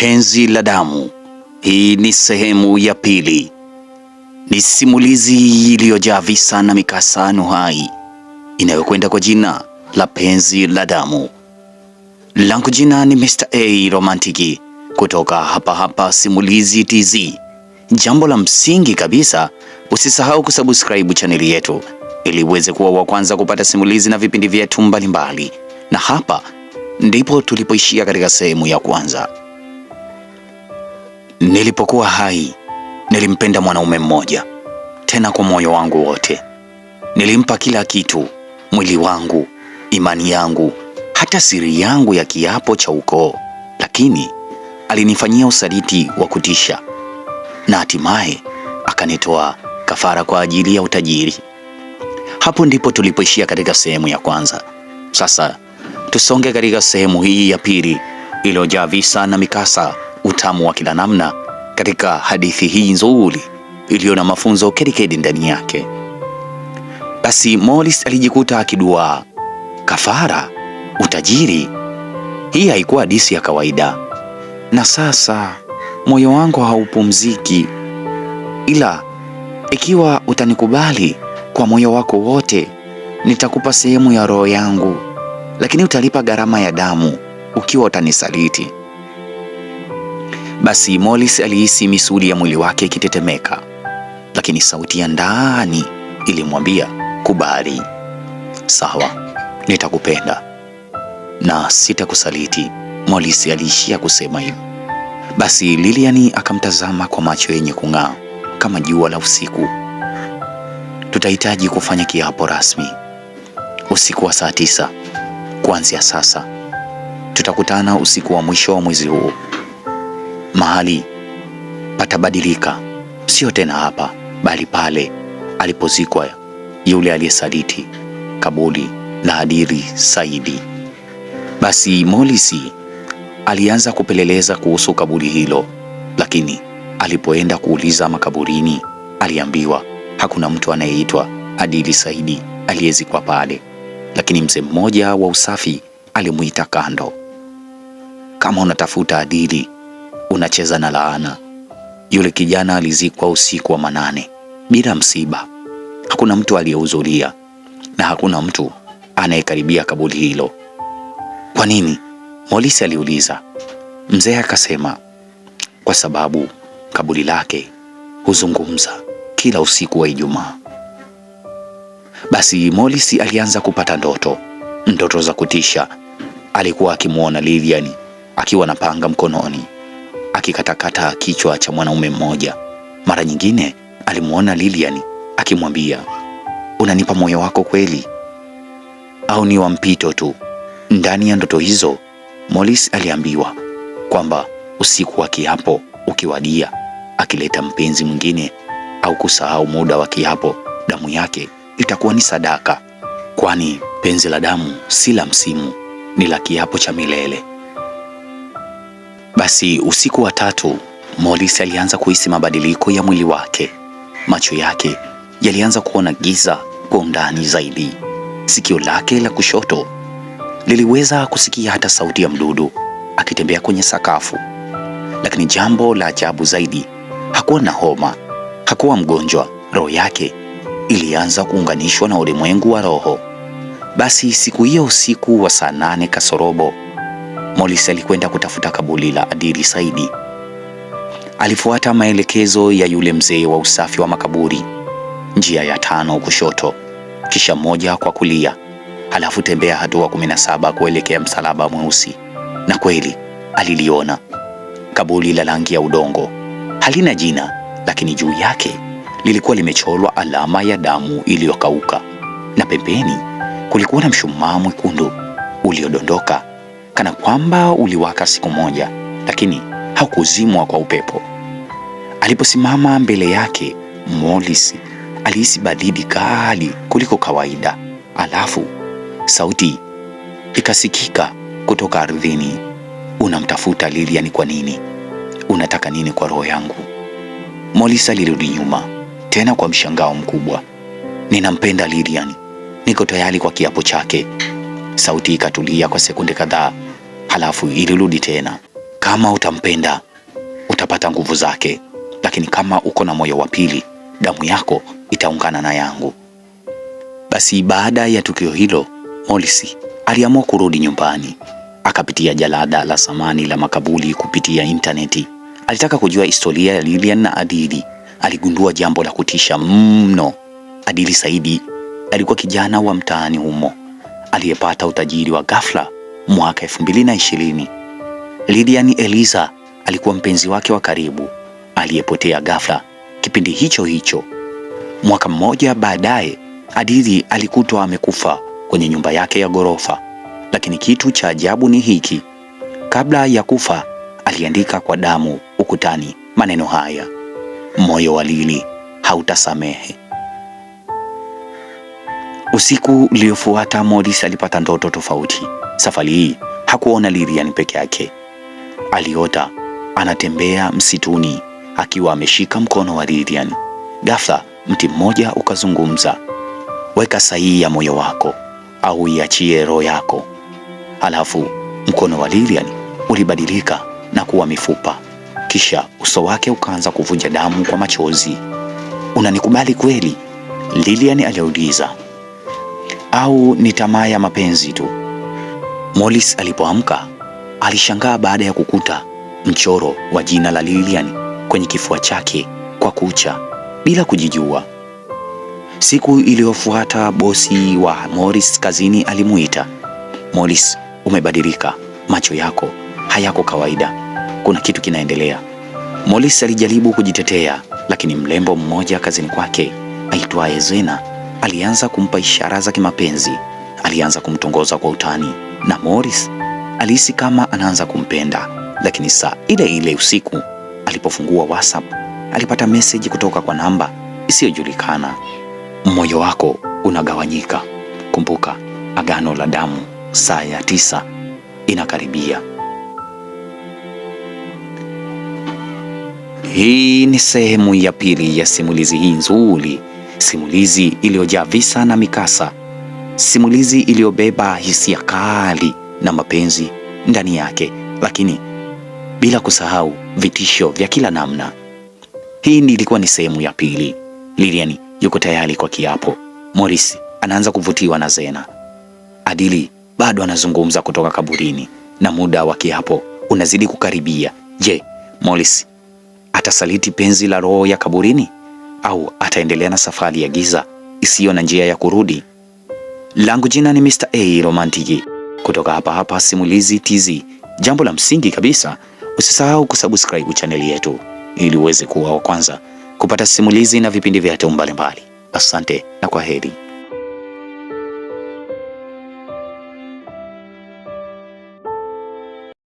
Penzi la Damu. Hii ni sehemu ya pili, ni simulizi iliyojaa visa na mikasano hai inayokwenda kwa jina la Penzi la Damu. Langu jina ni Mr. A Romantiki kutoka hapa hapa Simulizi TZ. Jambo la msingi kabisa, usisahau kusubscribe chaneli yetu ili uweze kuwa wa kwanza kupata simulizi na vipindi vyetu mbalimbali. Na hapa ndipo tulipoishia katika sehemu ya kwanza. Nilipokuwa hai nilimpenda mwanaume mmoja, tena kwa moyo wangu wote. Nilimpa kila kitu, mwili wangu, imani yangu, hata siri yangu ya kiapo cha ukoo, lakini alinifanyia usaliti wa kutisha, na hatimaye akanitoa kafara kwa ajili ya utajiri. Hapo ndipo tulipoishia katika sehemu ya kwanza. Sasa tusonge katika sehemu hii ya pili iliyojaa visa na mikasa utamu wa kila namna katika hadithi hii nzuri iliyo na mafunzo kedikedi ndani yake. Basi Morris alijikuta akiduaa kafara, utajiri. Hii haikuwa hadithi ya kawaida, na sasa moyo wangu haupumziki, ila ikiwa utanikubali kwa moyo wako wote, nitakupa sehemu ya roho yangu, lakini utalipa gharama ya damu ukiwa utanisaliti. Basi Mollis alihisi misuli ya mwili wake ikitetemeka, lakini sauti ya ndani ilimwambia kubali. Sawa, nitakupenda na sitakusaliti. Mollis aliishia kusema hivyo. Basi Lilian akamtazama kwa macho yenye kung'aa kama jua la usiku. Tutahitaji kufanya kiapo rasmi usiku wa saa tisa kuanzia sasa. Tutakutana usiku wa mwisho wa mwezi huu mahali patabadilika, sio tena hapa, bali pale alipozikwa yule aliyesaliti kaburi la Hadiri Saidi. Basi Molisi alianza kupeleleza kuhusu kaburi hilo, lakini alipoenda kuuliza makaburini, aliambiwa hakuna mtu anayeitwa Hadiri Saidi aliyezikwa pale, lakini mzee mmoja wa usafi alimuita kando, kama unatafuta Hadiri unacheza na laana. Yule kijana alizikwa usiku wa manane bila msiba. Hakuna mtu aliyehudhuria na hakuna mtu anayekaribia kaburi hilo. Kwa nini? Molisi aliuliza. Mzee akasema, kwa sababu kaburi lake huzungumza kila usiku wa Ijumaa. Basi Molisi alianza kupata ndoto, ndoto za kutisha. Alikuwa akimwona Lilian akiwa na panga mkononi akikatakata kichwa cha mwanaume mmoja. Mara nyingine alimwona Lilian akimwambia, unanipa moyo wako kweli au ni wa mpito tu? Ndani ya ndoto hizo molis aliambiwa kwamba usiku wa kiapo ukiwadia, akileta mpenzi mwingine au kusahau muda wa kiapo, damu yake itakuwa ni sadaka, kwani penzi la damu si la msimu, ni la kiapo cha milele. Basi usiku wa tatu Morris alianza kuhisi mabadiliko ya mwili wake. Macho yake yalianza kuona giza kwa undani zaidi. Sikio lake la kushoto liliweza kusikia hata sauti ya mdudu akitembea kwenye sakafu. Lakini jambo la ajabu zaidi, hakuwa na homa, hakuwa mgonjwa. Roho yake ilianza kuunganishwa na ulimwengu wa roho. Basi siku hiyo, usiku wa saa nane kasorobo molis alikwenda kutafuta kaburi la Adili Saidi. Alifuata maelekezo ya yule mzee wa usafi wa makaburi, njia ya tano kushoto, kisha moja kwa kulia, halafu tembea hatua 17 kuelekea msalaba mweusi. Na kweli aliliona kaburi la rangi ya udongo, halina jina, lakini juu yake lilikuwa limechorwa alama ya damu iliyokauka, na pembeni kulikuwa na mshumaa mwekundu uliodondoka kana kwamba uliwaka siku moja, lakini haukuzimwa kwa upepo. Aliposimama mbele yake, Morris alihisi baridi kali kuliko kawaida, alafu sauti ikasikika kutoka ardhini, unamtafuta Lilian kwa nini? Unataka nini kwa roho yangu? molis alirudi nyuma tena kwa mshangao mkubwa. Ninampenda Lilian, niko tayari kwa kiapo chake. Sauti ikatulia kwa sekunde kadhaa, halafu ilirudi tena. Kama utampenda utapata nguvu zake, lakini kama uko na moyo wa pili, damu yako itaungana na yangu. Basi baada ya tukio hilo, Molisi aliamua kurudi nyumbani. Akapitia jalada la samani la makaburi kupitia intaneti. Alitaka kujua historia ya Lilian na Adili. Aligundua jambo la kutisha mno. Adili Saidi alikuwa kijana wa mtaani humo aliyepata utajiri wa ghafla mwaka 2020. Lidian Eliza alikuwa mpenzi wake wa karibu aliyepotea ghafla kipindi hicho hicho. Mwaka mmoja baadaye, Adili alikutwa amekufa kwenye nyumba yake ya ghorofa, lakini kitu cha ajabu ni hiki: kabla ya kufa aliandika kwa damu ukutani maneno haya, moyo wa Lili hautasamehe. Usiku uliofuata Morris alipata ndoto tofauti. Safari hii hakuona Lilian peke yake, aliota anatembea msituni akiwa ameshika mkono wa Lilian. Ghafla mti mmoja ukazungumza, weka sahihi ya moyo wako au iachie roho yako. Halafu mkono wa Lilian ulibadilika na kuwa mifupa, kisha uso wake ukaanza kuvuja damu kwa machozi. unanikubali kweli? Lilian aliuliza au ni tamaa ya mapenzi tu? Morris alipoamka alishangaa baada ya kukuta mchoro wa jina la Lilian kwenye kifua chake kwa kucha bila kujijua. Siku iliyofuata bosi wa Morris kazini alimuita, Morris, umebadilika, macho yako hayako kawaida, kuna kitu kinaendelea. Morris alijaribu kujitetea, lakini mrembo mmoja kazini kwake aitwaye Zena alianza kumpa ishara za kimapenzi, alianza kumtongoza kwa utani, na Morris alihisi kama anaanza kumpenda. Lakini saa ile ile usiku alipofungua WhatsApp alipata meseji kutoka kwa namba isiyojulikana. Moyo wako unagawanyika. Kumbuka agano la damu, saa ya tisa inakaribia. Hii ni sehemu ya pili ya simulizi hii nzuri simulizi iliyojaa visa na mikasa, simulizi iliyobeba hisia kali na mapenzi ndani yake, lakini bila kusahau vitisho vya kila namna. Hii ni ilikuwa ni sehemu ya pili. Lilian yuko tayari kwa kiapo. Morris anaanza kuvutiwa na Zena. Adili bado anazungumza kutoka kaburini na muda wa kiapo unazidi kukaribia. Je, Morris atasaliti penzi la roho ya kaburini? au ataendelea na safari ya giza isiyo na njia ya kurudi. Langu jina ni Mr. A Romantiki kutoka hapa hapa Simulizi Tz. Jambo la msingi kabisa, usisahau kusubscribe chaneli yetu ili uweze kuwa wa kwanza kupata simulizi na vipindi vyetu mbalimbali. Asante na kwa heri.